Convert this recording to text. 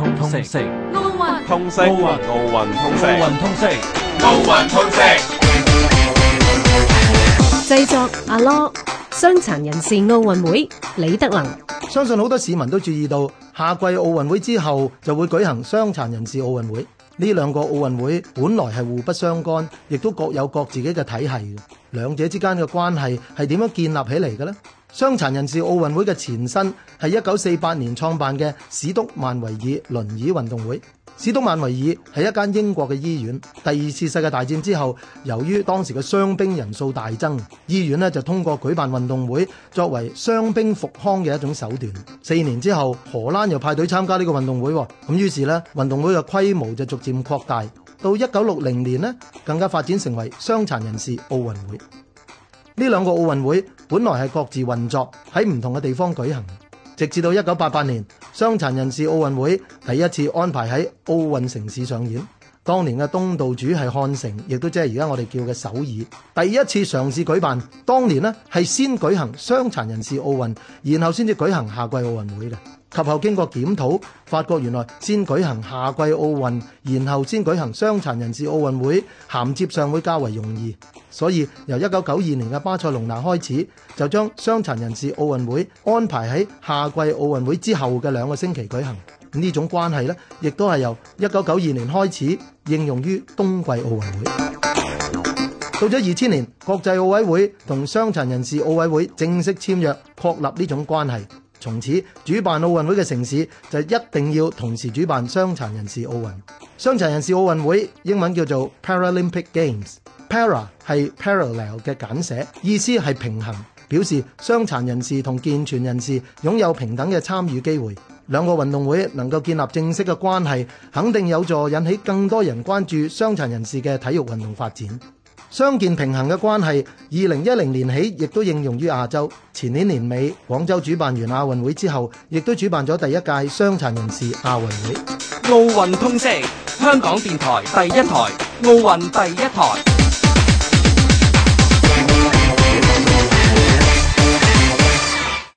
通通食，奧運，奧運，奧運，奧運，奧運，奧運，奧運，奧運，製作阿 Lo，傷殘人士奧運會李德能。相信好多市民都注意到，夏季奧運會之後就會舉行傷殘人士奧運會，呢兩個奧運會本來係互不相干，亦都各有各自己嘅體系嘅，兩者之間嘅關係係點樣建立起嚟嘅呢？傷殘人士奧運會嘅前身係一九四八年創辦嘅史篤曼維爾輪椅運動會。史篤曼維爾係一間英國嘅醫院。第二次世界大戰之後，由於當時嘅傷兵人數大增，醫院呢就通過舉辦運動會作為傷兵復康嘅一種手段。四年之後，荷蘭又派隊參加呢個運動會，咁於是呢，運動會嘅規模就逐漸擴大。到一九六零年呢，更加發展成為傷殘人士奧運會。呢兩個奧運會本來係各自運作，喺唔同嘅地方舉行，直至到一九八八年，傷殘人士奧運會第一次安排喺奧運城市上演。當年嘅東道主係漢城，亦都即係而家我哋叫嘅首爾。第一次嘗試舉辦，當年呢係先舉行傷殘人士奧運，然後先至舉行夏季奧運會嘅。及後經過檢討，發覺原來先舉行夏季奧運，然後先舉行傷殘人士奧運會銜接上會較為容易，所以由一九九二年嘅巴塞隆拿開始，就將傷殘人士奧運會安排喺夏季奧運會之後嘅兩個星期舉行。呢種關係咧，亦都係由一九九二年開始應用於冬季奧運會。到咗二千年，國際奧委會同傷殘人士奧委會正式簽約，確立呢種關係。從此，主辦奧運會嘅城市就一定要同時主辦傷殘人士奧運。傷殘人士奧運會英文叫做 Paralympic Games，Para 係 parallel 嘅簡寫，意思係平衡，表示傷殘人士同健全人士擁有平等嘅參與機會。兩個運動會能夠建立正式嘅關係，肯定有助引起更多人關注傷殘人士嘅體育運動發展。相建平衡嘅關係，二零一零年起亦都應用於亞洲。前年年尾，廣州主辦完亞運會之後，亦都主辦咗第一屆傷殘人士亞運會。奧運通識，香港電台第一台，奧運第一台。